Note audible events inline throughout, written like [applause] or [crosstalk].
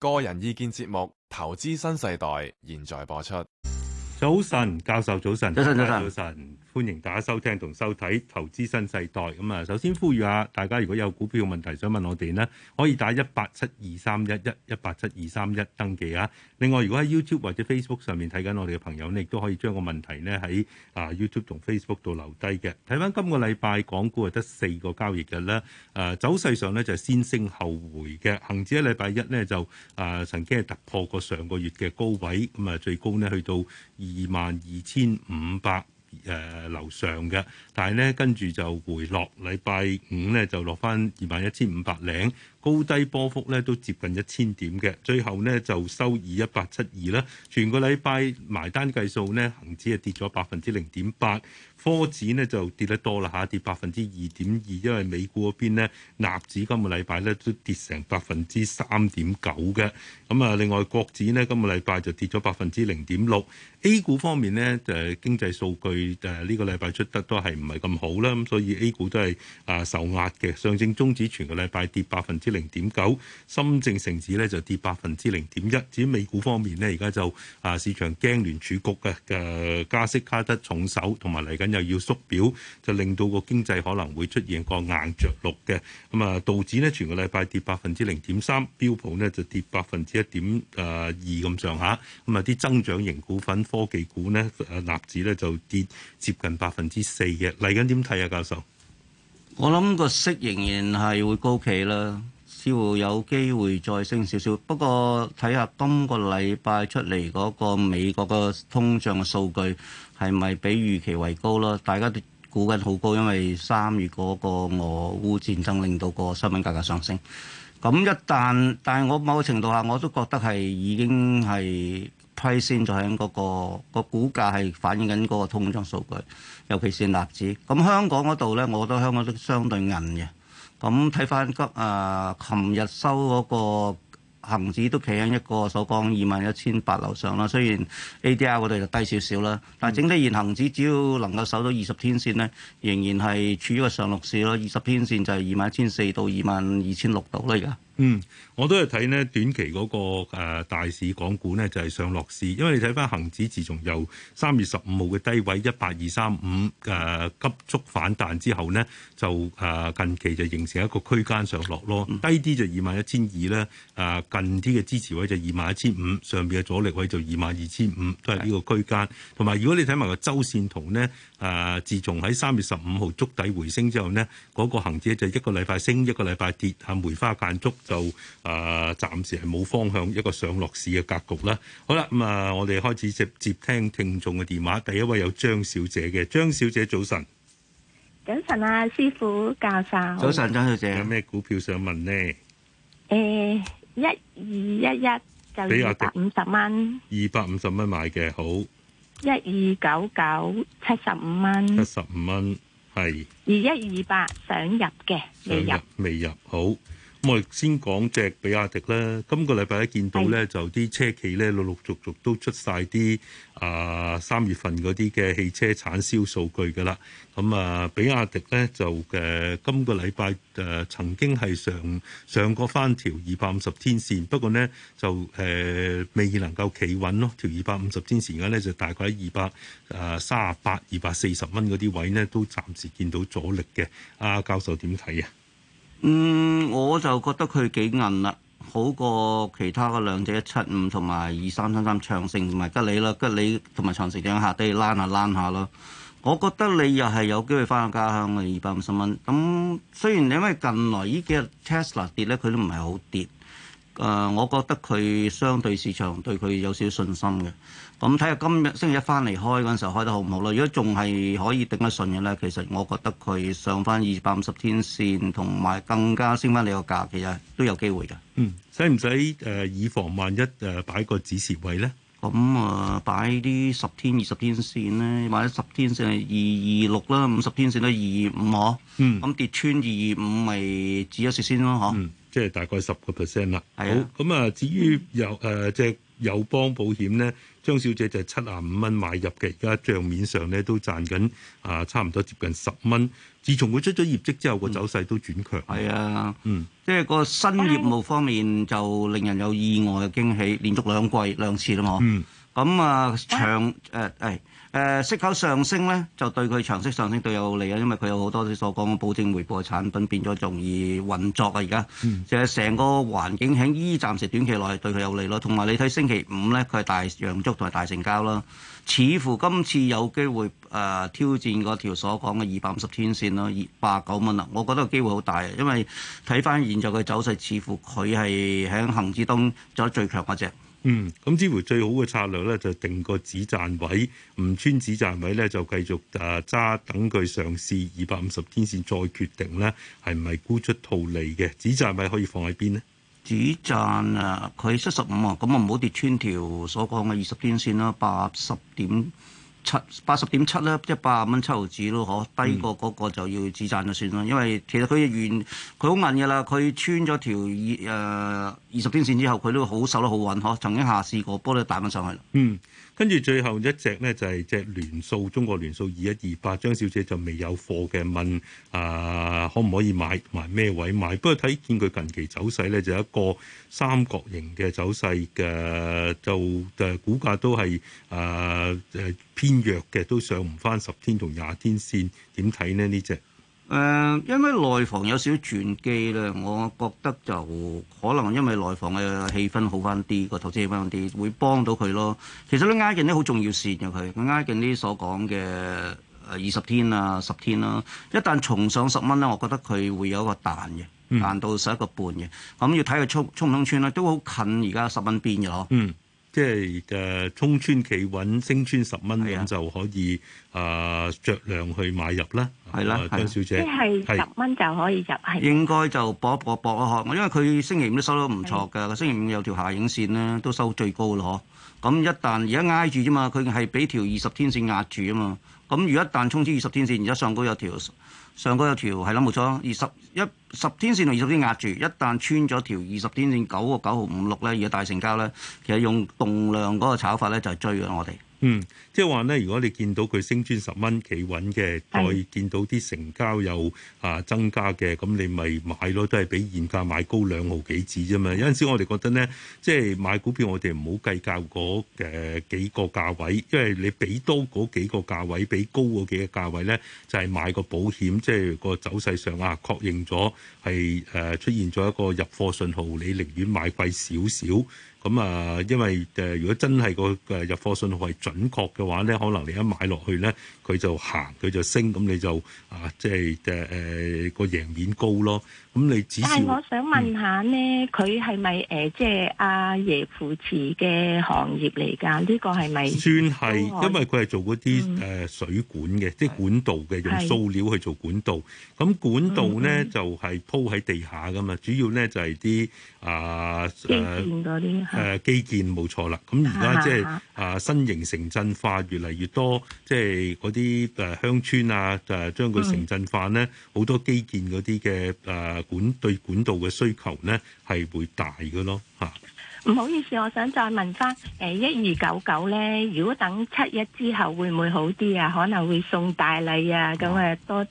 個人意見節目《投資新世代》現在播出。早晨，教授，早晨，早晨，早晨。歡迎大家收聽同收睇《投資新世代》咁啊！首先呼籲下大家，如果有股票問題想問我哋呢可以打一八七二三一一一八七二三一登記啊！另外，如果喺 YouTube 或者 Facebook 上面睇緊我哋嘅朋友，呢亦都可以將個問題呢喺啊 YouTube 同 Facebook 度留低嘅。睇翻今個禮拜港股係得四個交易日啦。誒、呃，走勢上呢，就先升後回嘅。恆指喺禮拜一呢，就誒、呃、曾經係突破過上個月嘅高位，咁啊最高呢去到二萬二千五百。誒樓、呃、上嘅，但係咧跟住就回落，禮拜五咧就落返二萬一千五百零。高低波幅咧都接近一千點嘅，最後呢，就收二一八七二啦。全個禮拜埋單計數呢，恒指係跌咗百分之零點八，科指呢就跌得多啦嚇，跌百分之二點二。因為美股嗰邊咧，納指今個禮拜呢都跌成百分之三點九嘅。咁啊，另外國指呢，今個禮拜就跌咗百分之零點六。A 股方面呢，就經濟數據誒呢個禮拜出得都係唔係咁好啦，咁所以 A 股都係啊受壓嘅。上證綜指全個禮拜跌百分之零點九，深證成指咧就跌百分之零點一。至於美股方面呢，而家就啊市場驚聯儲局嘅嘅加息加得重手，同埋嚟緊又要縮表，就令到個經濟可能會出現個硬着陸嘅。咁啊，道指呢全個禮拜跌百分之零點三，標普呢就跌百分之一點誒二咁上下。咁啊啲增長型股份、科技股呢，誒納指呢就跌接近百分之四嘅。嚟緊點睇啊，教授？我諗個息仍然係會高企啦。似乎有機會再升少少，不過睇下今個禮拜出嚟嗰個美國個通脹嘅數據係咪比預期為高咯？大家都估緊好高，因為三月嗰個俄烏戰爭令到個商品價格上升。咁一旦，但係我某程度下我都覺得係已經係 price in 咗響嗰個、嗰個股價係反映緊嗰個通脹數據，尤其是納指。咁香港嗰度咧，我覺得香港都相對硬嘅。咁睇翻今啊，琴日、嗯呃、收嗰個恆指都企喺一個收檔二萬一千八樓上啦。雖然 ADR 嗰度就低少少啦，但係整體現恒指只要能夠守到二十天線咧，仍然係處於個上落市咯。二十天線就係二萬一千四到二萬二千六度啦而家。嗯，我都係睇咧短期嗰、那個、呃、大市港股呢就係、是、上落市，因為你睇翻恒指自從由三月十五號嘅低位一八二三五誒急速反彈之後呢就誒、呃、近期就形成一個區間上落咯。嗯、低啲就二萬、呃、一千二咧，誒近啲嘅支持位就二萬一千五，上邊嘅阻力位就二萬二千五，都係呢個區間。同埋如果你睇埋個周線圖呢，誒、呃、自從喺三月十五號觸底回升之後呢嗰、那個恆指就一個禮拜升一個禮拜跌，啊梅花間竹。就誒，暫時係冇方向一個上落市嘅格局啦。好啦，咁啊，我哋開始接接聽聽眾嘅電話。第一位有張小姐嘅，張小姐早晨。早晨啊，師傅教授。早晨，張小姐，有咩股票想問呢？誒，一二一一就二百五十蚊。二百五十蚊買嘅好。一二九九七十五蚊。七十五蚊係。二一二八想入嘅未入未入好。我哋先講隻比亞迪啦。今個禮拜一見到咧，就啲車企咧陸陸續續都出晒啲啊三月份嗰啲嘅汽車產銷數據噶啦。咁啊，比亞迪咧就誒今個禮拜誒曾經係上上過翻條二百五十天線，不過咧就誒未能夠企穩咯。條二百五十天線而家咧就大概喺二百啊三十八、二百四十蚊嗰啲位咧都暫時見到阻力嘅。阿教授點睇啊？嗯，我就覺得佢幾韌啦，好過其他嘅兩隻一七五同埋二三三三長城同埋吉利啦，吉利同埋長城兩下跌爛下爛下咯。我覺得你又係有機會翻到家鄉嘅二百五十蚊。咁雖然你因為近來呢幾日 Tesla 跌咧，佢都唔係好跌。誒，uh, 我覺得佢相對市場對佢有少少信心嘅。咁睇下今日星期一翻嚟開嗰陣時候，開得好唔好啦？如果仲係可以頂得順嘅咧，其實我覺得佢上翻二百五十天線同埋更加升翻你個價嘅，其實都有機會嘅。嗯，使唔使誒以防萬一誒、呃、擺個止蝕位咧？咁啊、呃，擺啲十天、二十天線咧，或者十天線係二二六啦，五十天線都二二五嗬。嗯。咁跌穿二二五咪止一蝕先咯，嗬、嗯。即係大概十個 percent 啦。好，咁啊，至於友誒即係友邦保險咧，張小姐就七十五蚊買入嘅，而家帳面上咧都賺緊啊、呃，差唔多接近十蚊。自從佢出咗業績之後，個、嗯、走勢都轉強。係啊，嗯，即係個新業務方面就令人有意外嘅驚喜，連續兩季兩次啦嘛。嗯，咁、嗯、啊，長誒係。呃誒、呃、息口上升咧，就對佢長息上升對有利啊，因為佢有好多啲所講嘅保證回報嘅產品變咗，容易運作啊！而家、嗯，就係成個環境喺 E 暫時短期內對佢有利咯。同埋你睇星期五咧，佢係大陽燭同埋大成交啦，似乎今次有機會誒、呃、挑戰嗰條所講嘅二百五十天線咯，二百九蚊啦，我覺得機會好大啊！因為睇翻現在嘅走勢，似乎佢係喺恆指當中做得最強嗰隻。嗯，咁至於最好嘅策略咧，就定個止賺位，唔穿止賺位咧，就繼續誒揸等佢上試二百五十天線再決定咧，係咪沽出套利嘅止賺位可以放喺邊呢？止賺啊，佢七十五啊，咁啊唔好跌穿條所講嘅二十天線啦，八十點。七八十點七啦，一百廿蚊七毫紙咯，可低過嗰個就要止賺就算啦。因為其實佢完佢好硬噶啦，佢穿咗條二誒二十天線之後，佢都好守得好穩，嗬，曾經下試過波都打翻上去嗯。跟住最後一隻呢，就係、是、隻聯塑中國聯塑二一二八，張小姐就未有貨嘅問啊、呃，可唔可以買同埋咩位買？不過睇見佢近期走勢呢，就是、一個三角形嘅走勢嘅、呃，就誒、呃、股價都係誒誒偏弱嘅，都上唔返十天同廿天線，點睇呢？呢隻？誒，因為內房有少少轉機咧，我覺得就可能因為內房嘅氣氛好翻啲，個投資氣氛好啲，會幫到佢咯。其實咧，挨近啲好重要線嘅佢，挨近啲所講嘅二十天啊、十天啦，一旦重上十蚊咧，我覺得佢會有個彈嘅，彈到十一個半嘅。咁要睇佢衝衝唔衝穿啦，都好近而家十蚊邊嘅咯。嗯即係誒，衝、呃、穿企穩，升穿十蚊就可以誒，著、呃、量去買入啦。係啦、啊，張小姐，即係十蚊就可以入，係是應該就搏一搏，搏一嚇。因為佢星期五都收得唔錯㗎，的星期五有條下影線咧，都收最高咯嗬。咁一旦而家挨住啫嘛，佢係俾條二十天線壓住啊嘛。咁如果一旦衝穿二十天線，而家上高有條。上嗰有條係啦，冇錯，二十一十天線同二十天壓住，一旦穿咗條二十天線九個九毫五六咧，而家大成交咧，其實用動量嗰個炒法咧，就係追咗我哋。嗯，即係話咧，如果你見到佢升穿十蚊企穩嘅，再見到啲成交又啊增加嘅，咁你咪買咯，都係比現價買高兩毫幾子啫嘛。有陣時我哋覺得咧，即係買股票我哋唔好計較嗰誒幾個價位，因為你比多嗰幾個價位，比高嗰幾個價位咧，就係、是、買個保險，即係個走勢上啊確認咗係誒出現咗一個入貨信號，你寧願買貴少少。咁啊、嗯，因為誒、呃，如果真係個誒入貨信號係準確嘅話咧，可能你一買落去咧，佢就行，佢就升，咁你就啊，即係誒誒個贏面高咯。咁你，但係我想問下咧，佢係咪誒即係阿爺扶持嘅行業嚟㗎？呢、呢個係咪算係？因為佢係做嗰啲誒水管嘅，即係、嗯、管道嘅，用塑料去做管道。咁是管道咧、嗯嗯、就係鋪喺地下㗎嘛。主要咧就係啲啊誒基建啲誒、啊、基建冇錯啦。咁而家即係啊，啊，啊新型城鎮化越嚟越多，即係嗰啲誒鄉村啊誒將佢城鎮化咧，好多基建嗰啲嘅誒。管對管道嘅需求呢係會大嘅咯吓。唔好意思，我想再問翻誒，一二九九呢，如果等七一之後會唔會好啲啊？可能會送大禮啊，咁啊會多。 [laughs]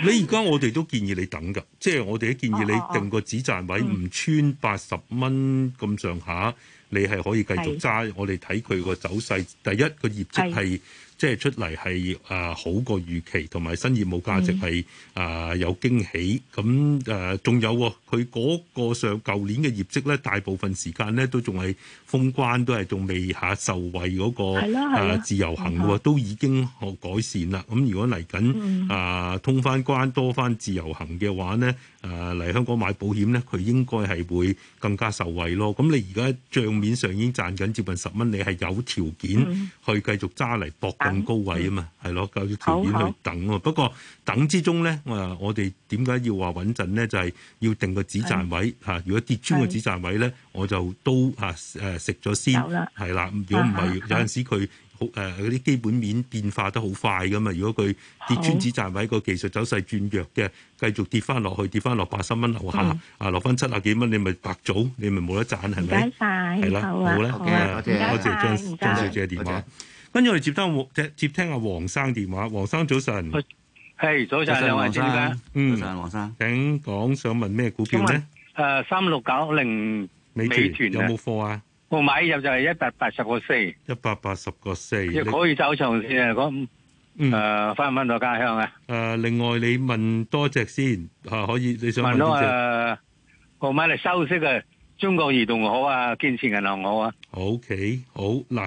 你而家我哋都建議你等噶，即、就、係、是、我哋都建議你定個止賺位，唔穿八十蚊咁上下，啊嗯、你係可以繼續揸。是我哋睇佢個走勢，第一個業績係。即係出嚟係啊，好過預期，同埋新業務價值係啊、呃、有驚喜。咁誒仲有佢嗰個上舊年嘅業績咧，大部分時間咧都仲係封關，都係仲未下、啊、受惠嗰、嗰個啊的、呃、自由行喎，都已經好改善啦。咁如果嚟緊啊通翻關多翻自由行嘅話咧。誒，嚟香港買保險咧，佢應該係會更加受惠咯。咁你而家帳面上已經賺緊接近十蚊，你係有條件去繼續揸嚟搏更高位啊嘛？係咯、嗯，有條件去等咯。不過等之中咧，我我哋點解要話穩陣咧？就係、是、要定個止賺位嚇。是如果跌穿個止賺位咧，是我就都嚇誒、啊、食咗先。係啦了，如果唔係，有陣時佢。誒，嗰啲基本面變化得好快噶嘛？如果佢跌穿止賺位，個技術走勢轉弱嘅，繼續跌翻落去，跌翻落八十蚊樓下，啊，落翻七啊幾蚊，你咪白組，你咪冇得賺，係咪？唔該曬，好啊，好啊，唔該曬，唔該曬，張小姐嘅電話。跟住我哋接聽，接聽阿黃生電話。黃生早晨，係早晨，兩位先生，嗯，早晨黃生，請講，想問咩股票咧？誒，三六九零，美團有冇貨啊？我買入就係一百八十個四，一百八十個四，亦可以走長線啊！咁誒，翻唔翻到家鄉啊？誒，另外你問多隻先吓、啊，可以你想問多隻、啊？我買嚟收息嘅，中國移動好啊，建設銀行好啊。OK，好嗱，誒、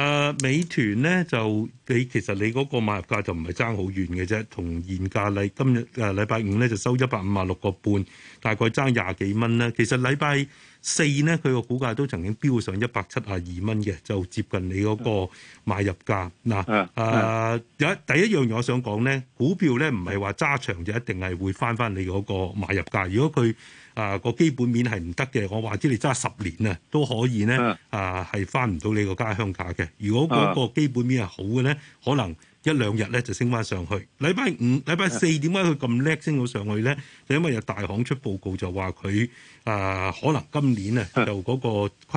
啊，美團咧就你其實你嗰個買入價就唔係爭好遠嘅啫，同現價嚟今日誒禮拜五咧就收一百五啊六個半，大概爭廿幾蚊啦。其實禮拜。四呢，佢個股價都曾經飆上一百七十二蚊嘅，就接近你嗰個買入價嗱。誒有、呃、第一樣嘢我想講呢，股票呢唔係話揸長就一定係會翻翻你嗰個買入價。如果佢誒個基本面係唔得嘅，我話知你揸十年啊都可以呢，誒係翻唔到你個家鄉價嘅。如果嗰個基本面係好嘅呢，可能。一兩日咧就升返上去。禮拜五、禮拜四點解佢咁叻升到上去咧？就因為有大行出報告就話佢啊，可能今年啊就嗰個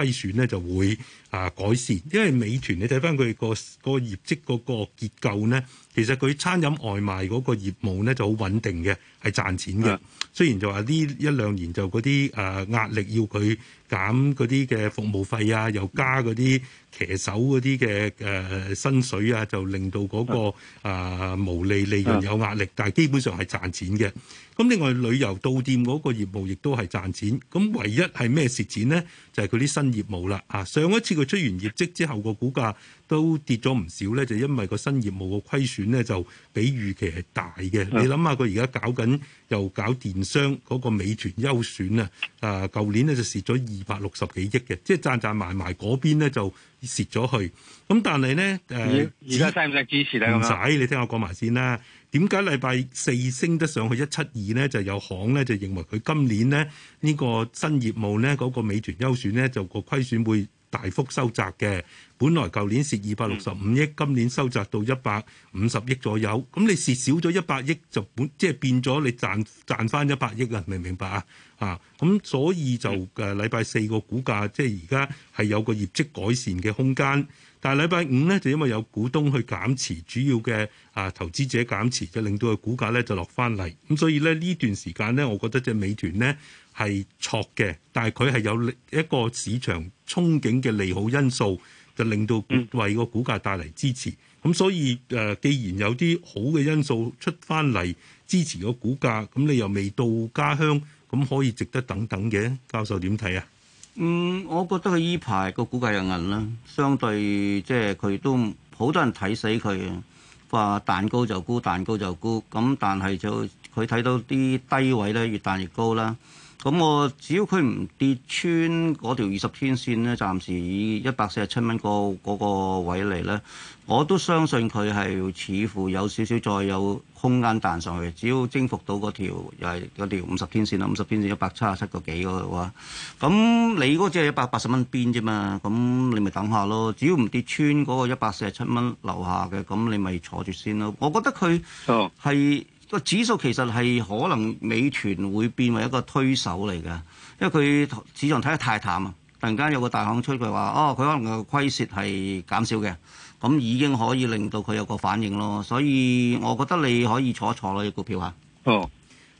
虧損咧就會。啊改善，因為美團你睇返佢個個業績嗰個結構咧，其實佢餐飲外賣嗰個業務咧就好穩定嘅，係賺錢嘅。雖然就話呢一兩年就嗰啲誒壓力要佢減嗰啲嘅服務費啊，又加嗰啲騎手嗰啲嘅誒薪水啊，就令到嗰、嗰個啊毛、呃、利利潤有壓力，但係基本上係賺錢嘅。咁另外旅遊到店嗰個業務亦都係賺錢，咁唯一係咩蝕錢呢？就係佢啲新業務啦。啊，上一次佢出完業績之後個股價都跌咗唔少咧，就係、因為個新業務個虧損咧就比預期係大嘅。嗯、你諗下佢而家搞緊又搞電商嗰個美團優選啊？啊，舊年咧就蝕咗二百六十幾億嘅，即係賺賺埋埋嗰邊咧就蝕咗去。咁、啊、但係咧誒，而家使唔使支持咧？唔使，你聽我講埋先啦。點解，禮拜四升得上去一七二呢？就是、有行咧就認為佢今年呢呢、呢個新業務呢嗰、嗰個美團優選呢，就個虧損會大幅收窄嘅。本來舊年蝕二百六十五億，今年收窄到一百五十億左右。咁你蝕少咗一百億，就本即係變咗你賺賺翻一百億啊！明唔明白啊？啊，咁所以就誒禮拜四個股價即係而家係有個業績改善嘅空間。但係禮拜五呢，就因為有股東去減持，主要嘅啊投資者減持，就令到個股價咧就落翻嚟。咁所以呢，呢段時間呢，我覺得隻美團呢係挫嘅，但係佢係有一個市場憧憬嘅利好因素，就令到為個股價帶嚟支持。咁所以誒、呃，既然有啲好嘅因素出翻嚟支持個股價，咁你又未到家鄉，咁可以值得等等嘅。教授點睇啊？嗯，我覺得佢依排個估計又韌啦，相對即係佢都好多人睇死佢啊，話蛋糕就沽，蛋糕就沽，咁但係就佢睇到啲低位咧越彈越高啦。咁我只要佢唔跌穿嗰條二十天線咧，暫時以一百四十七蚊個嗰個位嚟咧，我都相信佢係似乎有少少再有空間彈上去。只要征服到嗰條又係嗰條五十天線啦，五十天線一百七十七個幾嘅話，咁你嗰隻一百八十蚊邊啫嘛？咁你咪等下咯。只要唔跌穿嗰個一百四十七蚊樓下嘅，咁你咪坐住先咯。我覺得佢係。Oh. 個指數其實係可能美團會變為一個推手嚟嘅，因為佢市場睇得太淡啊！突然間有個大行吹佢話，哦，佢可能個虧蝕係減少嘅，咁已經可以令到佢有個反應咯。所以我覺得你可以坐一坐啦，呢個股票嚇。哦，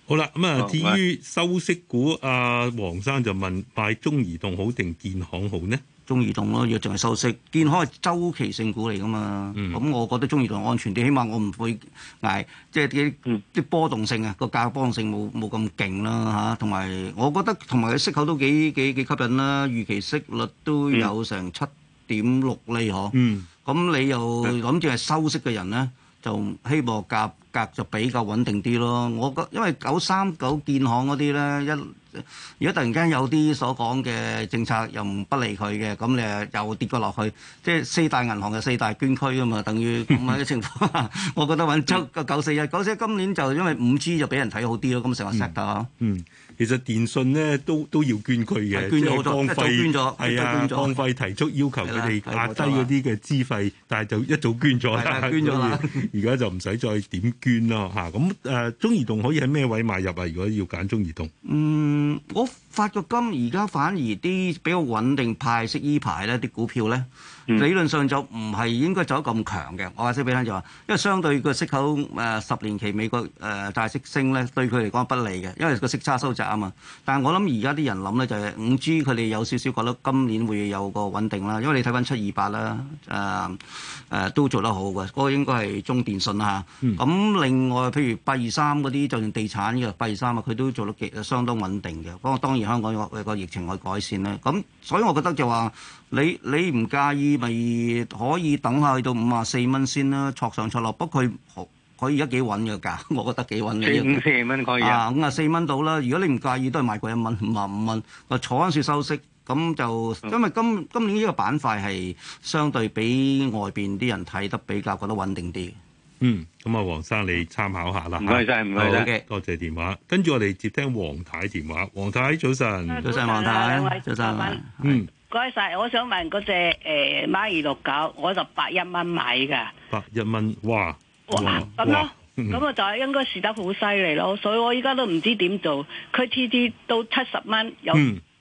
好啦，咁啊，至於收息股，阿黃生就問買中移動好定建行好呢？中移動咯，若仲係收息，健康係周期性股嚟噶嘛？咁、嗯、我覺得中移動安全啲，起碼我唔會捱，即係啲啲波動性啊，個價波動性冇冇咁勁啦嚇。同埋、啊、我覺得同埋佢息口都幾幾幾吸引啦，預期息率都有成七點六厘嗬。咁、啊嗯、你又諗住係收息嘅人咧，就希望夾。格就比較穩定啲咯，我覺得因為九三九建行嗰啲咧一，如果突然間有啲所講嘅政策又唔不利佢嘅，咁你又跌咗落去，即係四大銀行嘅四大捐區啊嘛，等於咁樣嘅情況， [laughs] [laughs] 我覺得揾出個九四日，九四今年就因為五 G 就俾人睇好啲咯，咁成個 set 啊。嗯嗯。其實電訊咧都都要捐佢嘅，捐咗了光費，係啊，光費提出要求佢哋壓低嗰啲嘅資費，的但係就一早捐咗的捐咗而家就唔使再點捐咯，吓咁誒，中移動可以喺咩位買入啊？如果要揀中移動，嗯，我。發覺金而家反而啲比較穩定派息依排咧啲股票咧，嗯、理論上就唔係應該走咁強嘅。我話先俾你聽就話，因為相對個息口誒、呃、十年期美國誒、呃、大息升咧，對佢嚟講不利嘅，因為個息差收窄啊嘛。但係我諗而家啲人諗咧就係五 G，佢哋有少少覺得今年會有個穩定啦，因為你睇翻七二八啦，誒、呃、誒都做得好嘅。嗰、嗰個應該係中電信嚇。咁、啊嗯、另外譬如八二三嗰啲就算地產嘅八二三啊，佢都做得幾相當穩定嘅。不過當然。香港個疫情去改善啦。咁所以我覺得就話你你唔介意咪可以等塗塗下去到五啊四蚊先啦，挫上挫落，不過佢可可以而家幾穩嘅價，我覺得幾穩嘅。四五四蚊可以啊，五啊四蚊到啦。如果你唔介意，都係賣貴一蚊五啊五蚊，我坐安處收息咁就，嗯、因為今今年呢個板塊係相對比外邊啲人睇得比較覺得穩定啲。嗯，咁啊，王生你參考下啦唔該曬，唔該曬。多謝電話。跟住我哋接聽王太電話。王太早晨，早晨王太，早晨。嗯，唔該曬。我想問嗰隻誒孖二六九，我就八一蚊買㗎。八一蚊，哇咁咯，咁啊就係應該蝕得好犀利咯。所以我依家都唔知點做。佢 TD 到七十蚊，有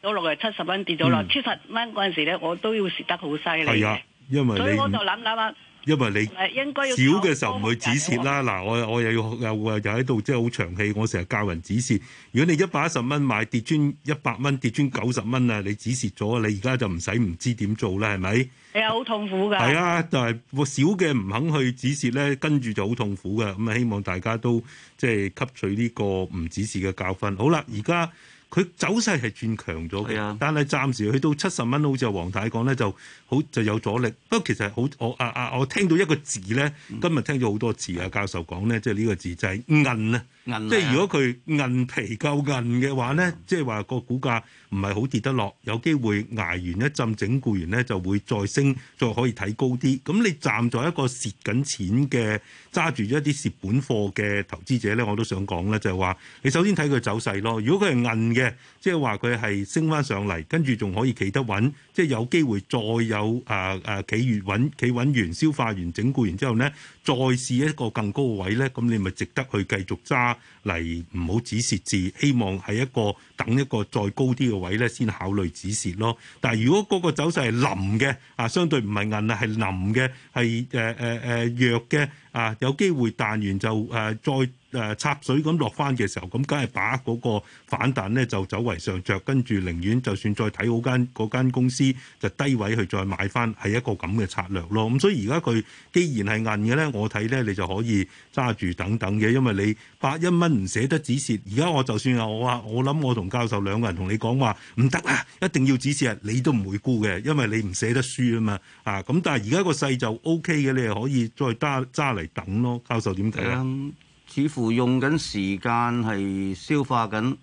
到落嚟七十蚊跌咗落七十蚊嗰陣時咧，我都要蝕得好犀利嘅。係啊，因為所以我就諗諗啊。因為你少嘅時候唔去止蝕啦，嗱，我我又要又又喺度即係好長氣，我成日教人止蝕。如果你一百一十蚊買，跌穿一百蚊，跌穿九十蚊啊，你止蝕咗，你而家就唔使唔知點做啦，係咪？係啊，好痛苦噶。係啊，但係少嘅唔肯去止蝕咧，跟住就好痛苦噶。咁、嗯、啊，希望大家都即係吸取呢個唔止蝕嘅教訓。好啦，而家。佢走勢係轉強咗嘅，的但係暫時去到七十蚊，好似阿黃太講咧就好就有阻力。不過其實好我啊、啊，我聽到一個字咧，今日聽咗好多字啊，教授講咧，即係呢個字就係、是、韌咧。即係如果佢銀皮夠銀嘅話呢，即係話個股價唔係好跌得落，有機會捱完一陣整固完呢就會再升，再可以睇高啲。咁你站在一個蝕緊錢嘅揸住一啲蝕本貨嘅投資者呢，我都想講呢，就係話你首先睇佢走勢咯。如果佢係銀嘅，即係話佢係升翻上嚟，跟住仲可以企得穩。即係有機會再有，啊啊，企穩企穩完，消化完整固完之後咧，再試一個更高嘅位咧，咁你咪值得去繼續揸嚟，唔好止蝕字。希望係一個等一個再高啲嘅位咧，先考慮止蝕咯。但係如果嗰個走勢係腍嘅啊，相對唔係銀啊，係腍嘅，係誒誒誒弱嘅。啊，有機會彈完就誒、呃、再誒、呃、插水咁落翻嘅時候，咁梗係把握嗰個反彈咧，就走為上着。跟住寧願就算再睇好間嗰間公司，就低位去再買翻，係一個咁嘅策略咯。咁、嗯、所以而家佢既然係硬嘅咧，我睇咧你就可以揸住等等嘅，因為你百一蚊唔捨得止蝕。而家我就算係我話我諗，我同教授兩個人同你講話唔得啦，一定要止蝕啊！你都唔會沽嘅，因為你唔捨得輸啊嘛。啊，咁但係而家個勢就 O K 嘅，你係可以再揸揸嚟。嚟等咯，教授點睇咧？似乎用緊時間係消化緊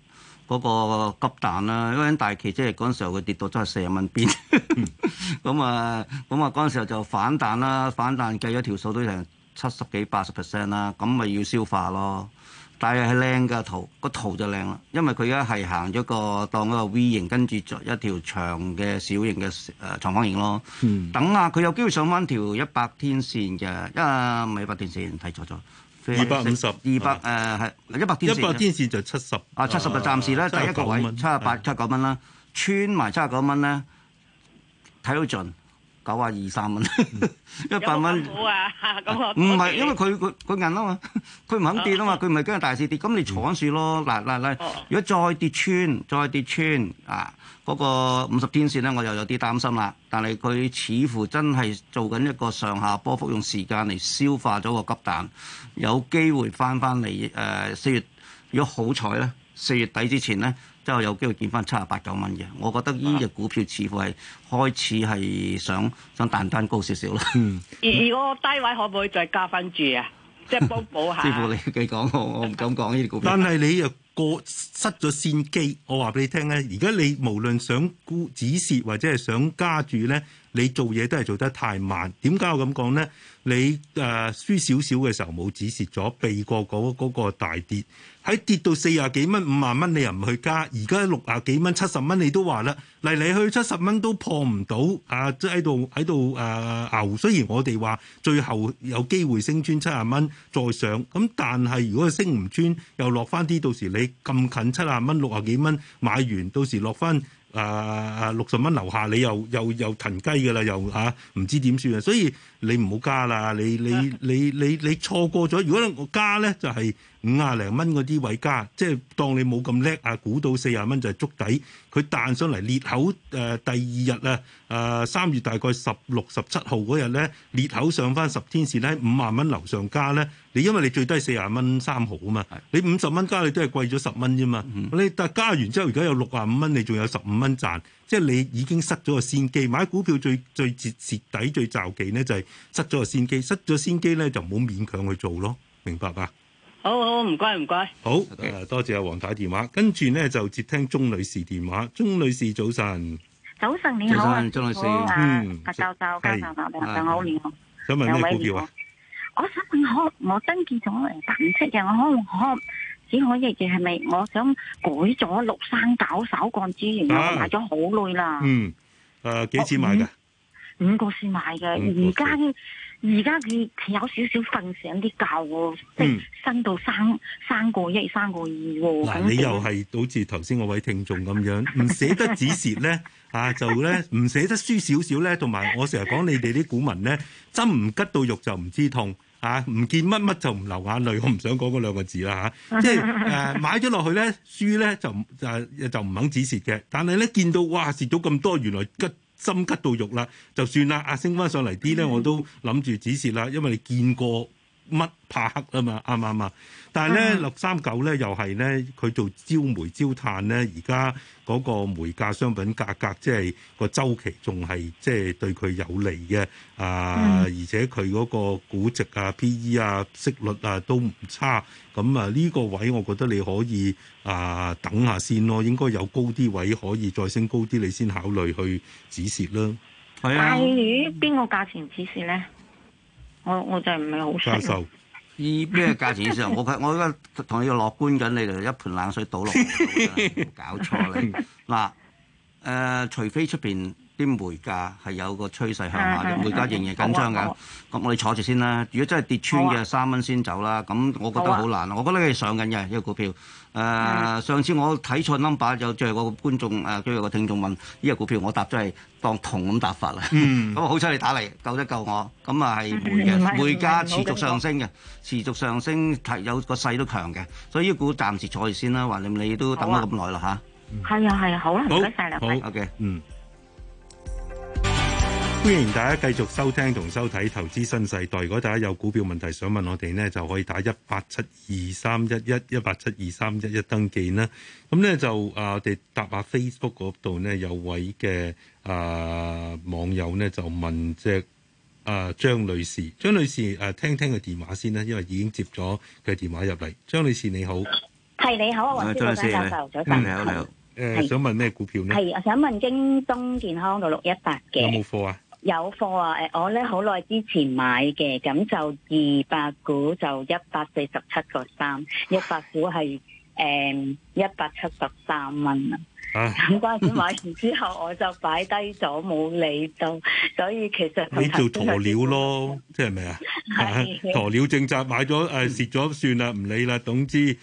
嗰個急彈啦、啊，因為大期即係嗰陣時候佢跌到真係四十蚊邊，咁、嗯、 [laughs] 啊咁啊嗰陣時候就反彈啦、啊，反彈計咗條數都成七十幾八十 percent 啦，咁咪、啊、要消化咯。但係係靚嘅圖，個圖就靚啦，因為佢而家係行咗個當一個 V 型，跟住一條長嘅小型嘅誒長方形咯。嗯，等下佢有機會上翻條一百天線嘅，一唔係一百天線睇錯咗。二百五十，二百誒係一百天線。一百天線就七十。啊，七十就暫時啦，79，第一個位七十八七十九蚊啦，穿埋七十九蚊咧，睇到盡。九啊二三蚊，一百蚊。好 [laughs] 元啊，咁我唔係，因為佢佢佢硬啊嘛，佢唔肯跌啊嘛，佢唔係驚大市跌，咁你坐住咯，嗱嗱嗱。如果再跌穿，再跌穿啊，嗰個五十天線咧，我又有啲擔心啦。但係佢似乎真係做緊一個上下波幅，用時間嚟消化咗個急彈，有機會翻翻嚟誒四月。如果好彩咧，四月底之前咧。之後有機會見翻七啊八九蚊嘅，我覺得呢隻股票似乎係開始係想想彈彈高少少啦。 [laughs] 而個低位可唔可以再加翻注啊？即、就、係、是、幫補下。 [laughs] 師傅，你你講我唔敢講呢啲股票。 [laughs] 但係你又過失咗先機，我話俾你聽咧，而家你無論想沽止蝕或者係想加注咧，你做嘢都係做得太慢。點解我咁講咧？你誒、呃、輸少少嘅時候冇止蝕咗，避過嗰、那、嗰、個那個大跌，喺跌到四十幾蚊、五萬蚊，你又唔去加；而家六廿幾蚊、七十蚊，你都話啦，嚟嚟去七十蚊都破唔到啊！即喺度喺度誒熬。雖然我哋話最後有機會升穿七十蚊再上，咁但係如果佢升唔穿，又落翻啲，到時你咁近七十蚊、六廿幾蚊買完，到時落翻誒誒六十蚊樓下，你又又又騰雞㗎啦，又嚇、啊、唔知點算啊！所以。你唔好加啦，你你你你你錯過咗。如果我加咧，就係五廿零蚊嗰啲位加，即係當你冇咁叻啊，估到四廿蚊就係足底。佢彈上嚟裂口誒、呃，第二日啊誒三月大概十六十七號嗰日咧，裂口上翻十天線咧，五萬蚊樓上加咧，你因為你最低四廿蚊三毫啊嘛，你五十蚊加你都係貴咗十蚊啫嘛。你但加完之後，而家有六廿五蚊，你仲有十五蚊賺。即係你已經失咗個先機，買股票最最徹徹底最詐忌呢，就係失咗個先機，失咗先機咧就唔好勉強去做咯，明白吧？好，好，唔該唔該，好 Okay. 多謝阿黃太太電話，跟住咧就接聽鐘女士電話。鐘女士早晨，早晨你好啊，鐘女士。嗯，阿教授，教授，教授，你好，嗯、想問，好咩股票啊？我想問，可我登記咗嚟，唔識嘅，可唔可？只可以嘅係咪？我想改咗六三九首鋼資源，我買咗好耐啦。嗯，誒，幾錢買嘅？五個先買嘅，而家而家佢有少少瞓醒啲覺喎，即係升到三三個一，三個二。嗱，你又係好似頭先嗰位聽眾咁樣，唔捨得止蝕咧，啊，就咧唔捨得輸少少咧，同埋我成日講你哋啲股民咧，針唔拮到肉就唔知痛。嚇唔、啊、見乜乜就唔流眼淚，我唔想講嗰兩個字啦嚇、啊。即係誒、呃、買咗落去咧，輸咧就誒就唔肯止蝕嘅。但係咧見到哇蝕咗咁多，原來拮心拮到肉啦，就算啦。阿、啊、升翻上嚟啲咧，嗯、我都諗住止蝕啦，因為你見過。乜怕黑啊嘛，啱唔啱啊？但係咧六三九咧又係咧，佢做焦煤焦炭咧，而家嗰個煤價商品價格即係、個周期仲係即係對佢有利嘅啊！嗯、而且佢嗰個估值啊、P E 啊、息率啊都唔差，咁啊呢、個位我覺得你可以啊等下先咯，應該有高啲位可以再升高啲，你先考慮去止蝕啦。啊，大於邊個價錢止蝕咧？我我真係唔係好相信，壽 [laughs] 以咩價錢以上？我我依家同你樂觀緊，你就一盆冷水倒落嚟， [laughs] 搞錯啦！嗱，誒、啊呃，除非出邊。啲煤價係有個趨勢向下嘅，煤價仍然緊張㗎。咁我哋坐住先啦。如果真係跌穿嘅三蚊先走啦。咁我覺得好難。我覺得佢上緊嘅呢個股票。誒，上次我睇錯 number，有最後個觀眾誒，最後個聽眾問呢個股票，我答咗係當銅咁答法啦。咁好彩你打嚟，救一救我。咁啊係煤嘅，煤價持續上升嘅，持續上升係有個勢都強嘅。所以呢股暫時坐住先啦。話你你都等咗咁耐啦嚇。係啊係啊，好啦，唔該晒兩位 ok，嗯。歡迎大家繼續收聽同收睇《投資新世代》。如果大家有股票問題想問我哋呢，就可以打一八七二三一一一八七二三一一登記啦。咁呢，就啊，我哋搭下 Facebook 嗰度呢，有位嘅啊網友呢，就問，即啊張女士。張女士，啊，誒，聽聽佢電話先啦，啊，因為已經接咗佢電話入嚟。張女士你好，係你好啊，黃先生，大家留咗誒，想問咩股票呢？係我想問京東健康六六一八嘅有冇貨啊？有貨啊！誒，我咧好耐之前買嘅，咁就二百股就一百四十七個三，一百股係誒一百七十三蚊啊！啊！唔 [music] 關事，買完之後我就擺低咗，冇理到，所以其實才才你做鴕鳥咯，即係咪啊？係鴕鳥 [laughs] 政策買咗誒、啊、蝕咗算啦，唔理啦。總之誒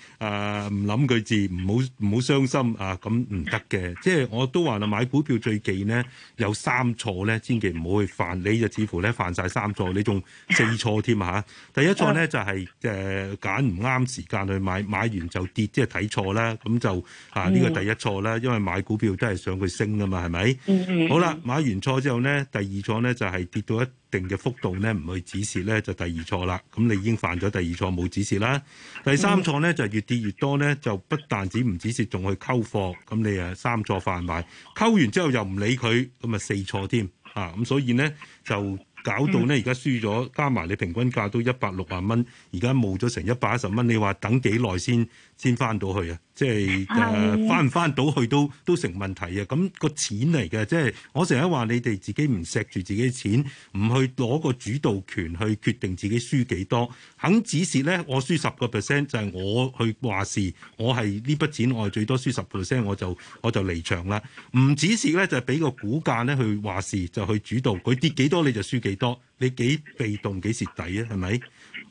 唔諗佢字，唔好唔好傷心啊！咁唔得嘅，即係我都話啦，買股票最忌呢，有三錯咧，千祈唔好去犯。你就似乎咧犯晒三錯，你仲四錯添啊！第一錯咧就係誒揀唔啱時間去買，買完就跌，即係睇錯啦。咁就啊呢個、啊、第一錯啦，因為買股票都係想佢升噶嘛，係咪？ [music] 好啦，買完錯之後呢，第二錯呢就係跌到一定嘅幅度呢，唔去止蝕呢就第二錯啦。咁你已經犯咗第二錯，冇止蝕啦。第三錯呢就越跌越多呢，就不但不止唔止蝕，仲去溝貨。咁你誒三錯犯埋，溝完之後又唔理佢，咁啊四錯添啊。咁所以呢，就搞到呢而家輸咗，加埋你平均價都一百六萬蚊，而家冇咗成一百一十蚊。你話等幾耐先先翻到去啊？即係誒翻唔翻到去都都成問題啊！咁個錢嚟嘅，即係我成日話你哋自己唔錫住自己嘅錢，唔去攞個主導權去決定自己輸幾多，肯止蝕咧，我輸十個 percent 就係、是、我去話事，我係呢筆錢我係最多輸十 percent，我就我就離場啦。唔止蝕咧，就俾、是、個股價咧去話事，就去主導佢跌幾多，你就輸幾多，你幾被動幾蝕底啊？係咪？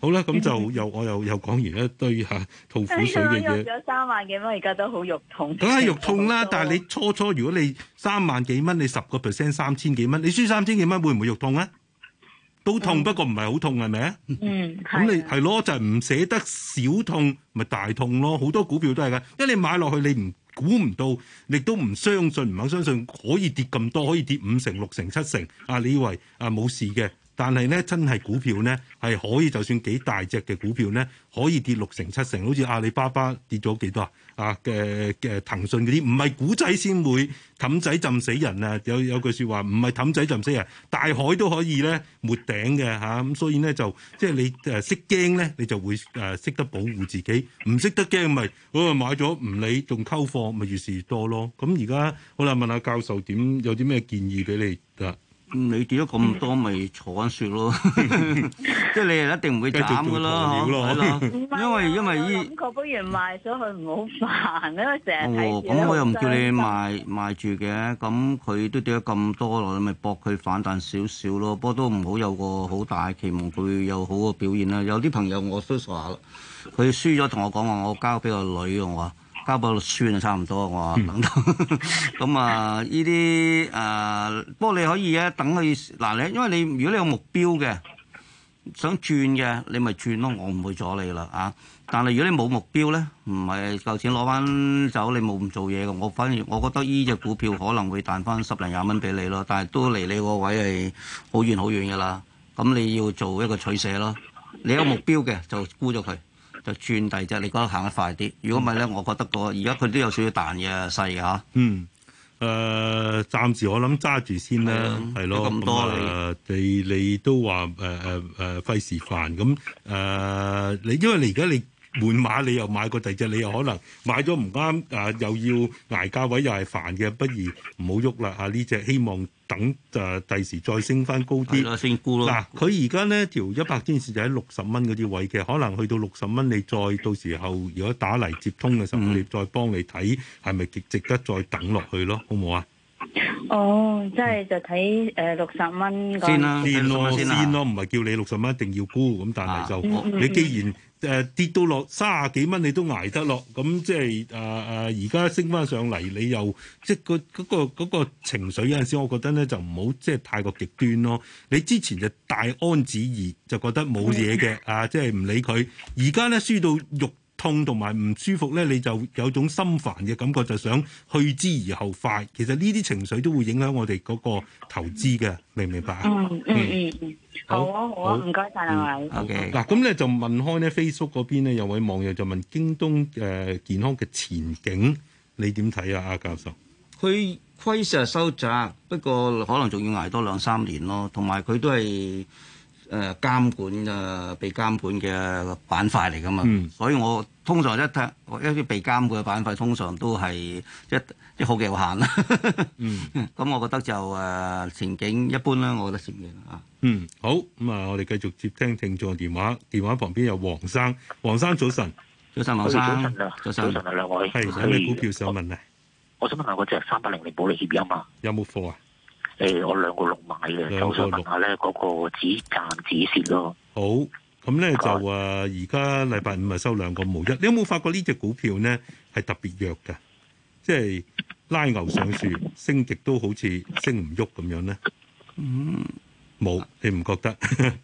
好啦，咁就又我又又講完一堆嚇痛苦水嘅嘢。我入咗三萬幾蚊，而家都好肉痛。梗係肉痛啦，但係你初初如果你三萬幾蚊，你十個 percent 三千幾蚊，你輸三千幾蚊會唔會肉痛啊？都痛，不過唔係好痛，係咪啊？嗯，咁你係咯就唔捨得少痛，咪大痛咯。好多股票都係噶，因為你買落去你唔估唔到，亦都唔相信，唔肯相信可以跌咁多，可以跌五成、六成、七成啊！你以為啊冇事嘅。但係咧，真係股票咧係可以，就算幾大隻嘅股票咧，可以跌六成、七成，好似阿里巴巴跌咗幾多啊？啊嘅嘅騰訊嗰啲，唔係股仔先會氹仔浸死人啊！有，有句説話，唔係氹仔浸死人，大海都可以咧沒頂嘅嚇。咁所以咧就即係你誒識驚咧，你就會誒識得保護自己，唔識得驚咪，我買咗唔理，仲溝貨咪越試越多咯。咁而家好啦，問下教授點有啲咩建議俾你得？你跌咗咁多，咪坐穩雪咯，即係你一定唔會斬嘅咯，因為因為依，確保不如賣咗佢唔好煩啦，成日睇住，咁我又唔叫你賣 [laughs] 賣住嘅，咁佢都跌咗咁多咯， [laughs] 你咪搏佢反彈少少咯，不過都唔好有個好大期望佢有好嘅表現啦。有啲朋友我都話啦，佢輸咗同我講話，我交俾個女我話。加布到酸、嗯、 [laughs] 啊，差唔多我啊，等等。咁啊，呢啲誒，不過你可以啊，等佢嗱你，因為你如果你有目標嘅，想轉嘅，你咪轉咯，我唔會阻你啦啊！但係如果你冇目標咧，唔係夠錢攞翻走，你冇唔做嘢嘅，我反而我覺得依隻股票可能會彈翻十零廿蚊俾你咯，但係都離你個位係好遠好遠嘅啦。咁你要做一個取捨咯。你有目標嘅就沽咗佢。嗯就轉第隻，你覺得行得快啲？如果唔係咧，我覺得個而家佢都有少少彈嘅勢嘅，嗯，誒、呃，暫時我諗揸住先啦，係、嗯、咯。咁多、嗯、你、呃、你你都話誒誒誒費事煩咁誒？你、呃呃呃呃、因為你而家你。換碼你又買過第二隻，你又可能買咗唔啱，誒、呃、又要捱價位又係煩嘅，不如唔好喐啦嚇呢隻，希望等就第時再升翻高啲。升嗱，佢而家呢條一百天線就喺六十蚊嗰啲位嘅，可能去到六十蚊，你再到時候如果打嚟接通嘅時候，嗯、你再幫你睇係咪值值得再等落去咯，好唔好啊？哦，嗯、即係就睇誒六十蚊先啦，先咯，先咯，唔係叫你六十蚊一定要沽咁，但係就你既然。嗯嗯誒、啊、跌到落三十幾蚊，你都捱得落，咁、嗯、即係誒誒，而、啊、家、啊、升翻上嚟，你又即係、嗰個嗰、嗰個情緒有陣時，我覺得咧就唔好即係太過極端咯。你之前就大安旨意就覺得冇嘢嘅啊，即係唔理佢，而家咧輸到肉。痛同埋唔舒服咧，你就有種心煩嘅感覺，就想去之而後快。其實呢啲情緒都會影響我哋嗰個投資嘅，明唔明白嗯？嗯嗯嗯，好，好 okay，唔該晒。兩位。嗱，咁咧就問開呢 Facebook 嗰邊咧有位網友就問：京東嘅健康嘅前景，你點睇啊？阿教授，佢虧蝕收窄，不過可能仲要捱多兩三年咯。同埋佢都係。誒監管嘅被監管嘅板塊嚟㗎嘛，嗯、所以我通常一睇，一啲被監管嘅板塊，通常都係一一好極有限啦。 [laughs] 嗯，咁、嗯、我覺得就誒、呃、前景一般啦，我覺得前景啊。嗯，好，咁啊，我哋繼續接聽聽眾電話，電話旁邊有黃生，黃生，早晨，早晨，早晨黃生，早晨啊，早晨啊兩位，係有咩股票想問咧？我想問下嗰隻三百零零保利協鑫啊嘛，有冇貨啊？誒、哎，我兩個六買嘅，兩個六就想問下咧，嗰個止賺止蝕咯。好，咁咧就話，而家禮拜五係收兩個毛一，你有冇發覺呢隻股票咧係特別弱㗎？即係拉牛上樹，升極都好似升唔喐咁樣咧。嗯，冇，你唔覺得？ [laughs]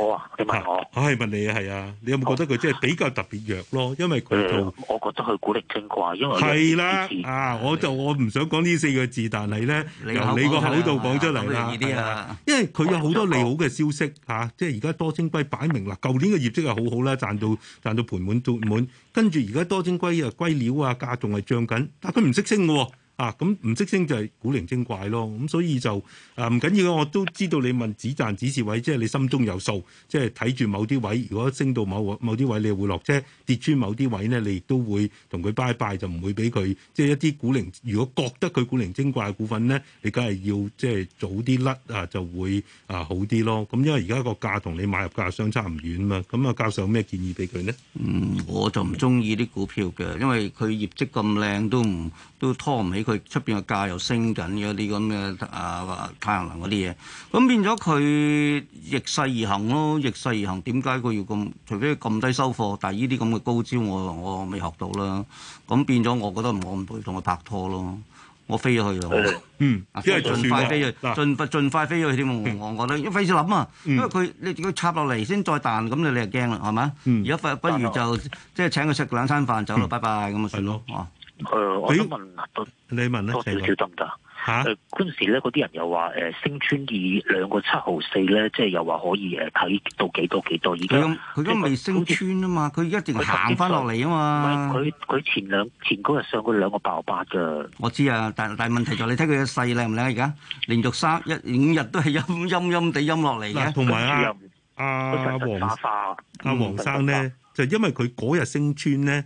我啊，你問我，我係問你啊，係啊，你有冇覺得佢即係比較特別弱咯？因為誒、嗯，我覺得佢古靈精怪，因為係啦，啊，啊，我就我唔想講呢四個字，但係咧你口 由你個口度講出嚟啦、啊啊，因為佢有好多利好嘅消息嚇、啊，即係而家多晶硅擺明啦，舊年嘅業績係好好啦，賺到賺到，賺到盆滿缽滿，跟住而家多晶硅啊，硅料啊，價仲係漲緊，但係佢唔識升嘅喎、啊。啊，咁唔識升就係古靈精怪咯，咁、啊、所以就啊唔緊要，我都知道你問止賺止蝕位，即係你心中有數，即係睇住某啲位，如果升到某某啲位，你會落車；跌穿某啲位呢你亦都會同佢拜拜，就唔會俾佢即係一啲古靈。如果覺得佢古靈精怪嘅股份呢，你梗係要即係早啲甩啊，就會啊好啲咯。咁因為而家個價同你買入價相差唔遠嘛，咁啊教授有咩建議俾佢呢？嗯，我就唔中意啲股票嘅，因為佢業績咁靚都唔都拖唔起。佢出邊嘅價又升緊，嗰啲咁嘅啊太陽能嗰啲嘢，咁變咗佢逆勢而行咯，逆勢而行點解佢要咁？除非咁低收貨，但係呢啲咁嘅高招我我未學到啦。咁變咗，我覺得唔我唔同佢拍拖咯，我飛咗佢啊！嗯，即係盡快飛去，盡快盡快飛去點啊？我我我都費事諗啊，因為佢你佢插落嚟先再彈，咁你你就驚啦，係咪？而家不如就即係請佢食兩餐飯走咯，拜拜咁咪算咯。誒、呃，我想問，你問多少少得唔得？吓、啊，嗰陣、呃、時咧，嗰啲人又話，誒，升穿二兩個七毫四咧，即係又話可以誒睇到幾多幾多。而家佢都未升穿啊嘛，佢他一直行翻落嚟啊嘛。佢佢前兩前嗰日上過兩個八毫八嘅。我知啊，但但問題就是、你睇佢嘅勢靚唔靚？而家連續三一五日都係陰陰陰地陰落嚟嘅。同埋啊，阿黃、嗯啊、生呢，阿黃生咧就因為佢嗰日升穿咧。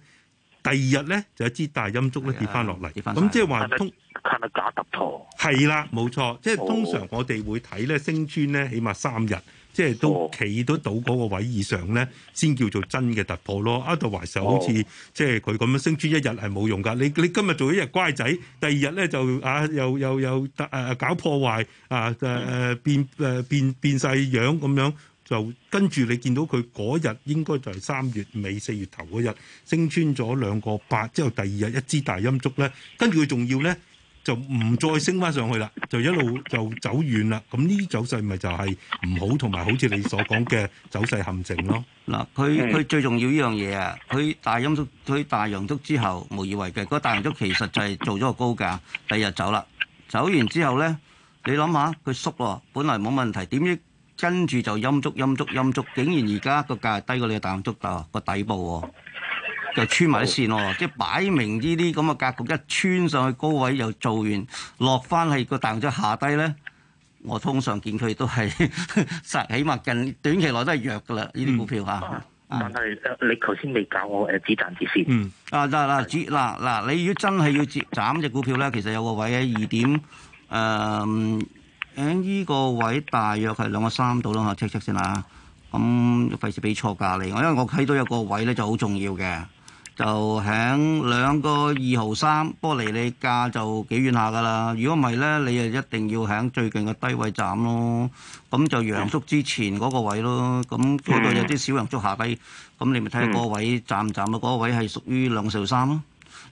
第二日咧就一支大陰燭咧跌翻落嚟，咁即係話通係咪假突破？係啦冇錯，即係通常我哋會睇咧升穿咧，起碼三日，即係都企得到嗰個位以上咧，先叫做真嘅突破咯。阿杜懷壽好似即係佢咁樣升穿一日係冇用㗎，你你今日做一日乖仔，第二日咧就啊又又又誒、呃、搞破壞啊誒、呃、變誒、呃、變變曬樣咁樣。就跟住你見到佢嗰日應該就係三月尾四月頭嗰日升穿咗兩個八，之後第二日一支大陰燭咧，跟住佢仲要咧就唔再升返上去啦，就一路就走遠啦。咁呢啲走勢咪就係唔好，同埋好似你所講嘅走勢陷阱咯。嗱，佢佢最重要呢樣嘢啊，佢大陰燭，佢大陽燭之後無以為繼。個大陽燭其實就係做咗個高價，第二日走啦，走完之後咧，你諗下佢縮喎，本來冇問題，點知？跟住就陰足陰足陰足，竟然而家個價係低過你嘅彈足價，個底部喎，就穿埋啲線喎， [laughs] 即係擺明呢啲咁嘅格局一穿上去高位又做完，落翻去個彈足下低咧，我通常見佢都係實 [laughs] 起碼近短期內都係弱噶啦，呢啲股票嚇。啊、但係你頭先未教我誒止賺止蝕。嗯。啊嗱嗱嗱嗱，你如果真要真係要接斬隻股票咧，其實有個位喺二點誒。啊喺呢個位大約係兩個三度啦，吓 check check 先啦。咁費事俾錯價你，我、嗯、你因為我睇到有個位咧就好重要嘅，就喺兩個二毫三，不過離你價就幾遠下噶啦。如果唔係咧，你啊一定要喺最近嘅低位站咯。咁就陽燭之前嗰個位咯，咁嗰度有啲小陽燭下底，咁你咪睇下個位站唔站咯。嗯、個位係屬於兩毫三。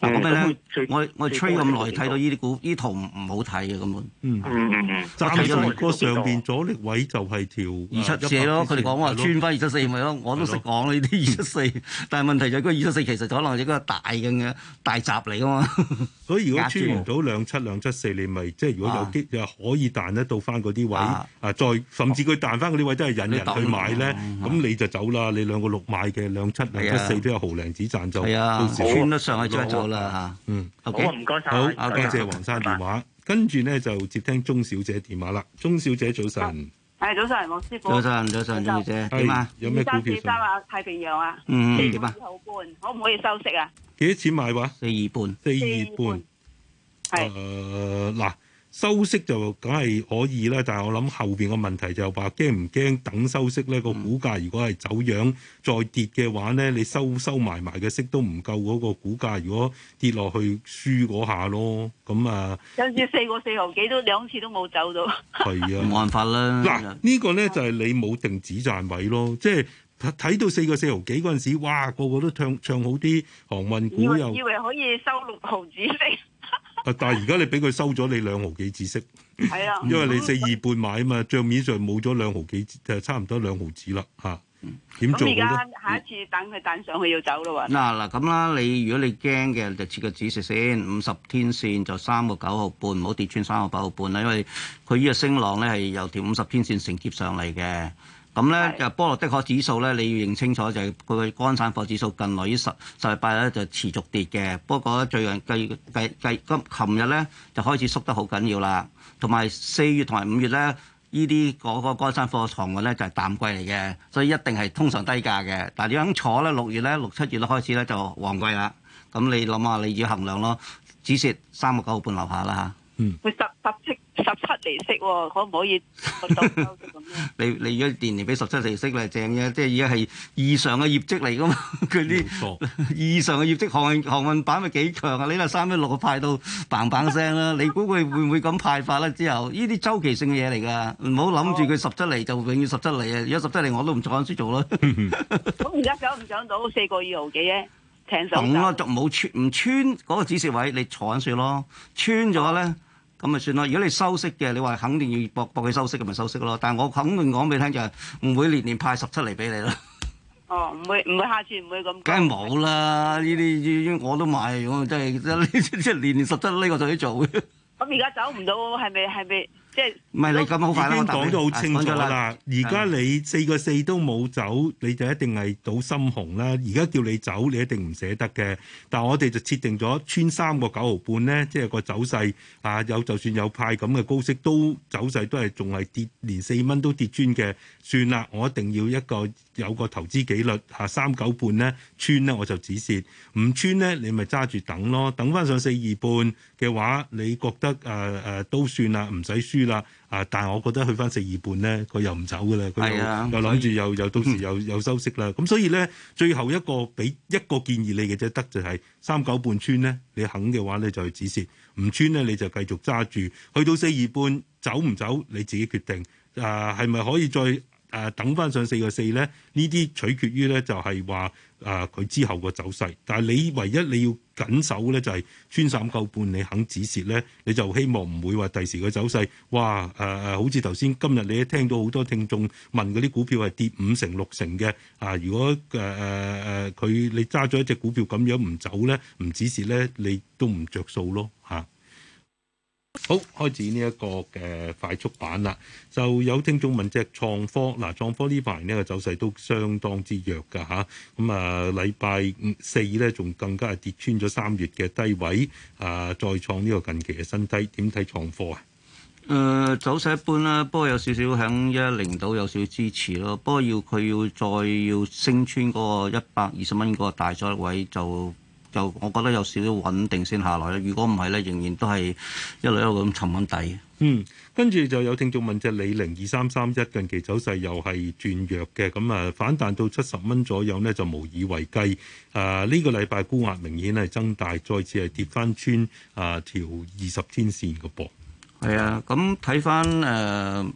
咁咩咧？我我吹咁耐，睇到呢啲股呢圖唔好睇嘅咁。嗯嗯嗯，嗯，嗯。咗個上邊阻力位就係條二七四咯。佢哋講話穿翻二七四咪咯，我都識講啦。依啲二七四，但係問題就係個二七四其實可能係一個大嘅大閘嚟噶嘛。所以如果穿唔到兩七兩七四，你咪即係如果有機會可以彈咧，到翻嗰啲位啊，再甚至佢彈翻嗰啲位都係引人去買咧，咁你就走啦。你兩個六買嘅兩七兩七四都有毫零子賺就。係啊，穿得上去再走。啦吓，嗯，好唔該晒，好多謝黃生電話，跟住咧就接聽鍾小姐電話啦。鍾小姐早晨，係早晨，黃師傅早晨，早晨，鍾小姐點啊？有咩股票？三啊，太平洋啊，四點啊，四毫半，可唔可以收息啊？幾多錢買話？四二半，四二半，係誒嗱。收息就梗係可以啦，但係我諗後邊個問題就係話驚唔驚等收息咧？個股價如果係走樣再跌嘅話咧，嗯、你收收埋埋嘅息都唔夠嗰個股價如果跌落去輸嗰下咯，咁啊！有次四個四毫幾都兩次都冇走到，係啊，冇辦法啦。嗱，呢個咧就係你冇定止賺位咯，即係睇到四個四毫幾嗰陣時，哇，個個都唱唱好啲航運股又以，以為可以收六毫紙息。啊！但係而家你俾佢收咗你兩毫幾紙息，係啊，因為你四二半買啊嘛， [laughs] 帳面上冇咗兩毫幾，就差唔多兩毫紙啦嚇。點、啊、做咁多？而家下一次等佢彈上去要走咯喎。嗱嗱咁啦，你如果你驚嘅就設個止蝕先，五十天線就三個九毫半，唔好跌穿三個八毫半啦，因為佢呢個升浪咧係由條五十天線承接上嚟嘅。咁咧就是，波羅的海指數咧，你要認清楚，就係佢嘅乾散貨指數近來依十十禮拜咧就持續跌嘅，不過最近計計計今琴日咧就開始縮得好緊要啦。同埋四月同埋五月咧，依啲嗰個乾散貨藏運咧就係，是，淡季嚟嘅，所以一定係通常低價嘅。但係你咁坐咧，六月咧、六七月咧開始咧就旺季啦。咁你諗下，你要衡量咯，止蝕三個九毫半樓下啦嚇。佢、嗯、十十息十七厘息喎、哦，可唔可以？可 [laughs] 你你如果年年俾十七厘息咧正嘅，即係而家係異常嘅業績嚟噶嘛？佢啲異常嘅業績行行運版，咪幾強啊？你話三一六個派到嘭嘭聲啦，你估佢會唔會咁派發咧？之後呢啲周期性嘅嘢嚟噶，唔好諗住佢十七厘就永遠十七厘啊！如果十七厘我都唔坐緊書做咯、嗯。咁而家漲唔漲到四個二毫幾啫？咁咯，就冇穿，唔穿嗰個指示位你坐緊算咯，穿咗咧咁咪算咯。如果你收息嘅，你話肯定要博博佢收息嘅咪收息咯。但係我肯定講俾你聽就係、是、唔會年年派十七釐俾你啦。哦，唔會唔會下次唔會咁，梗係冇啦，呢啲我都買，我真係真係年年十七釐我就喺度做嘅。咁而家走唔到係咪係咪？是即係唔係你咁好快啦？已經講到好清楚啦。而家你四個四都冇走，你就一定係賭心紅啦。而家叫你走，你一定唔捨得嘅。但係我哋就設定咗穿三個九毫半咧，即係個走勢啊。有就算有派咁嘅高息，都走勢都係仲係跌，連四蚊都跌穿嘅。算啦，我一定要一個。有個投資紀律，嚇、啊、三九半咧，穿咧我就止蝕；唔穿咧，你咪揸住等咯。等翻上四二半嘅話，你覺得誒誒、呃呃、都算啦，唔使輸啦。啊、呃，但係我覺得去翻四二半咧，佢又唔走噶啦，佢又呀又諗住又以又到時又、嗯、又，又收息啦。咁所以咧，最後一個俾一個建議你嘅啫，得就係、是、三九半穿咧，你肯嘅話咧就去止蝕；唔穿咧你就繼續揸住。去到四二半走唔走你自己決定。誒係咪可以再？誒、呃、等翻上四個四咧，呢啲取決於咧就係話誒佢之後個走勢。但係你唯一你要緊守咧就係、是、穿三九半，你肯止蝕咧，你就希望唔會話第時個走勢哇誒誒、呃，好似頭先今日你聽到好多聽眾問嗰啲股票係跌五成六成嘅啊！如果誒誒誒佢你揸咗一隻股票咁樣唔走咧，唔止蝕咧，你都唔着數咯嚇。啊。好，開始呢一個嘅快速版啦，就有聽眾問隻創科嗱，創科呢排呢個走勢都相當之弱噶吓，咁啊禮拜四咧仲更加係跌穿咗三月嘅低位啊，再創呢個近期嘅新低，點睇創科啊？誒、呃，走勢一般啦，不過有少少響一零度，有少少支持咯，不過要佢要再要升穿嗰個一百二十蚊個大阻力位就。就我覺得有少少穩定先下來啦。如果唔係咧，仍然都係一路一路咁沉穩底。嗯，跟住就有聽眾問隻李寧二三三一近期走勢又係轉弱嘅，咁啊，反彈到七十蚊左右呢，就無以為繼啊！呢、呃，呢個禮拜沽壓明顯係增大，再次係跌翻穿啊、呃、條二十天線嘅噃。係啊，咁睇翻誒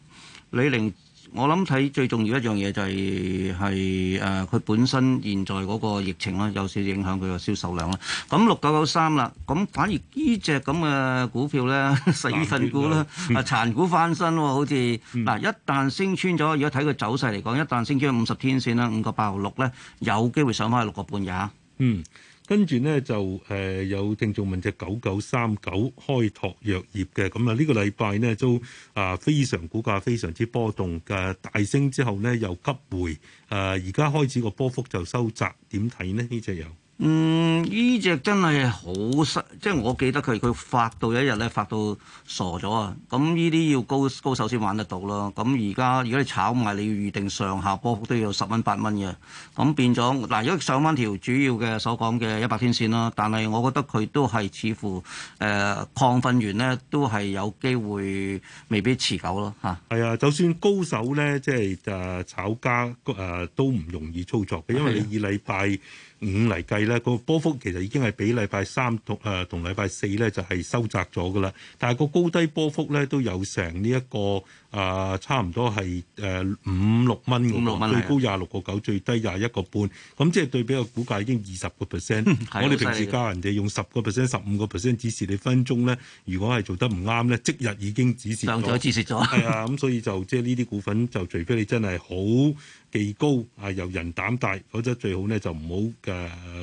李寧。我諗睇最重要一樣嘢就係係誒，佢、呃、本身現在嗰個疫情啦，有少影響佢個銷售量啦。咁六九九三啦，咁反而呢隻咁嘅股票咧，死 [laughs] 份股啦，殘股翻身喎，好似嗱，嗯、一旦升穿咗，如果睇佢走勢嚟講，一旦升穿五十天線啦，五個八毫六咧，有機會上翻去六個半嘅。嗯。跟住呢，就誒、呃、有聽眾問隻九九三九開拓藥業嘅。咁啊呢個禮拜呢，都啊非常股價非常之波動嘅，大升之後呢，又急回啊。而家開始個波幅就收窄，點睇呢？呢隻油？嗯，呢隻真係好失，即係我記得佢佢發到一日咧，發到傻咗啊！咁呢啲要高高手先玩得到咯。咁而家如果你炒唔係，你要預定上下波幅都要十蚊八蚊嘅。咁變咗嗱，如果上返條主要嘅所講嘅一百天線啦，但係我覺得佢都係似乎誒亢奮完咧，都係有機會未必持久咯嚇。係啊，啊，就算高手咧，即係誒炒家誒、呃、都唔容易操作嘅，因為你二禮拜。 [laughs] 五嚟計咧，個波幅其實已經係比禮拜三同誒同禮拜四咧就係收窄咗㗎喇，但係個高低波幅咧都有成呢一個。啊，差唔多係誒五六蚊嘅喎，最高廿六個九，最低廿一個半，咁即係對比個股價已經二十個 percent。 [laughs] 的我哋平時教人哋用十個 percent、十五個 percent 指示你分鐘咧，如果係做得唔啱咧，即日已經指示咗，指係啊，咁的 [laughs] 所以就即係呢啲股份就除非你真係好技高啊由、呃、人膽大，否則最好咧就唔好誒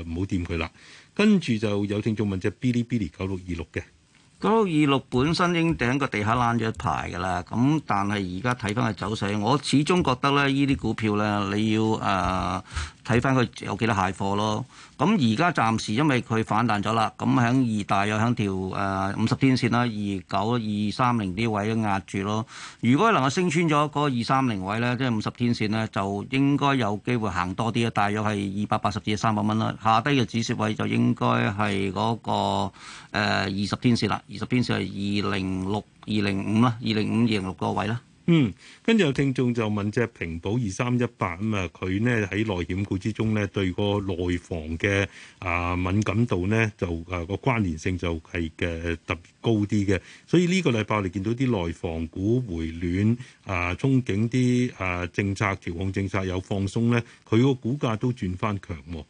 唔好掂佢啦。跟住就有聽眾問隻 Bilibili 九六二六嘅。九二六本身已經頂個地下攔咗一排嘅啦，咁但係而家睇翻個走勢，我始終覺得咧，呢啲股票咧，你要誒。呃睇翻佢有幾多蟹貨咯，咁而家暫時因為佢反彈咗啦，咁喺二大約喺條誒五十天線啦，二九二三零啲位壓住咯。如果能夠升穿咗嗰二三零位咧，即係五十天線咧，就應該有機會行多啲啦，大約係二百八十至三百蚊啦。下低嘅止蝕位就應該係嗰個、呃、二十天線啦，二十天線係二零六二零五啦，二零五二零六個位啦。嗯，跟住有聽眾就問隻平保二三一八咁啊，佢咧喺內險股之中咧，對個內房嘅啊、呃、敏感度呢，就啊個、呃、關聯性就係、是、嘅、呃、特別高啲嘅。所以呢個禮拜你哋見到啲內房股回暖，啊、呃，憧憬啲啊政策調控政策有放鬆呢，佢個股價都轉翻強喎。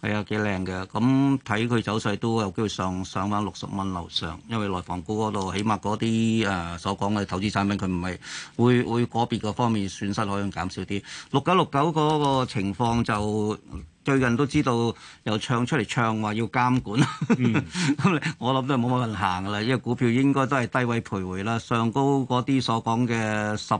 係啊，幾靚嘅。咁睇佢走勢都有機會上上翻六十蚊樓上，因為內房股嗰度起碼嗰啲誒所講嘅投資產品，佢唔係會會個別個方面損失可以減少啲。六九六九嗰個情況就最近都知道又唱出嚟唱話要監管，嗯、 [laughs] 我諗都係冇乜運行㗎啦，因為股票應該都係低位徘徊啦，上高嗰啲所講嘅十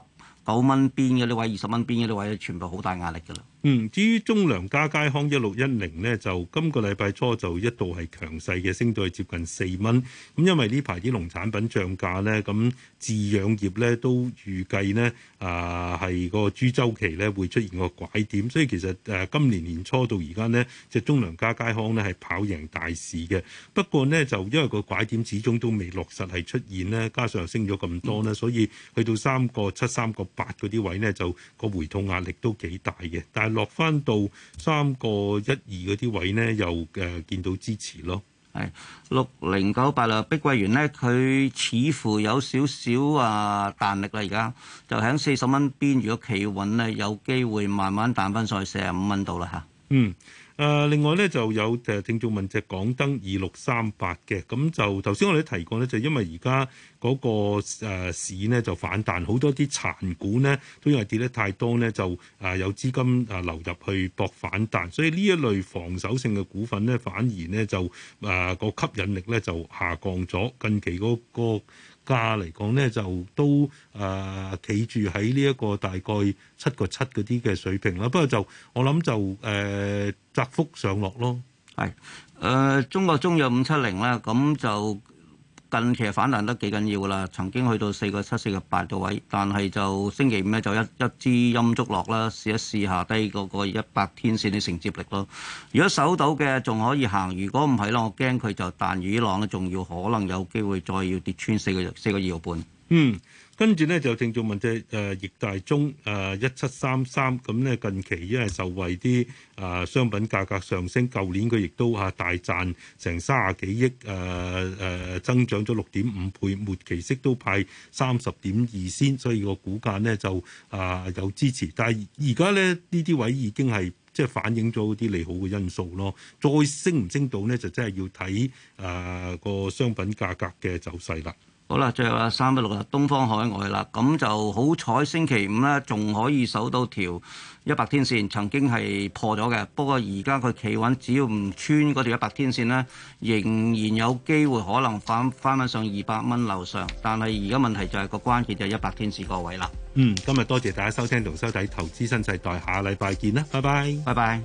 九蚊邊嗰啲位、二十蚊邊嗰啲位，全部好大壓力㗎啦。嗯，至於中糧家佳康一六一零呢就今個禮拜初就一度係強勢嘅，升到接近四蚊。咁因為呢排啲農產品漲價呢，咁飼養業呢都預計呢啊係個豬周期呢會出現個拐點，所以其實誒今年年初到而家呢，即中糧家佳康呢係跑贏大市嘅。不過呢，就因為個拐點始終都未落實係出現呢，加上又升咗咁多呢，所以去到三個七、三個八嗰啲位呢，就個回吐壓力都幾大嘅。但落翻到三個一二嗰啲位呢，又嘅、呃、見到支持咯。係六零九八啦，98，碧桂園呢，佢似乎有少少啊彈、呃、力啦，而家就喺四十蚊邊，如果企穩呢，有機會慢慢彈翻上去四十五蚊度啦嚇。嗯。誒另外咧就有誒聽眾問隻港燈二六三八嘅，咁就頭先我哋提過咧，就因為而家嗰個、呃、市呢，就反彈，好多啲殘股呢，都因為跌得太多呢，就誒、呃、有資金誒流入去博反彈，所以呢一類防守性嘅股份呢，反而呢，就誒個、呃、吸引力呢，就下降咗，近期嗰、那個、價嚟講咧，就都誒企、呃、住喺呢一個大概七個七嗰啲嘅水平啦。不過就我諗就誒、呃、窄幅上落咯。係誒、呃、中國中藥五七零啦，咁就。近期啊，反彈得幾緊要噶啦，曾經去到四個七、四個八嘅位，但係就星期五咧就一一支陰燭落啦，試一試下低嗰個一百天線嘅承接力咯。如果守到嘅仲可以行，如果唔係咧，我驚佢就彈雨浪咧，仲要可能有機會再要跌穿四個四個二毫半。嗯。跟住咧就正做問隻誒易大宗誒，一七三三咁咧，近期因為受惠啲誒、呃、商品價格上升，舊年佢亦都啊大賺成三十幾億誒誒、呃、增長咗六點五倍，末期息都派三十點二仙。所以個股價咧就啊、呃、有支持。但係而家咧呢啲位已經係即係反映咗啲利好嘅因素咯。再升唔升到咧就真係要睇誒個商品價格嘅走勢啦。好啦，最後啦，三百六十東方海外啦，咁就好彩，星期五咧仲可以守到條一百天線，曾經係破咗嘅，不過而家佢企穩，只要唔穿嗰條一百天線呢，仍然有機會可能翻翻得上二百蚊樓上，但係而家問題就係個關鍵就係一百天線個位啦。嗯，今日多謝大家收聽同收睇《投資新世代》，下個禮拜見啦，拜拜，拜拜。